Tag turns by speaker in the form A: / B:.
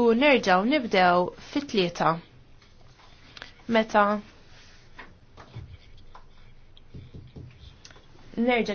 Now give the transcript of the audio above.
A: u nerġaw nibdew fit-tlieta. Meta nerġa'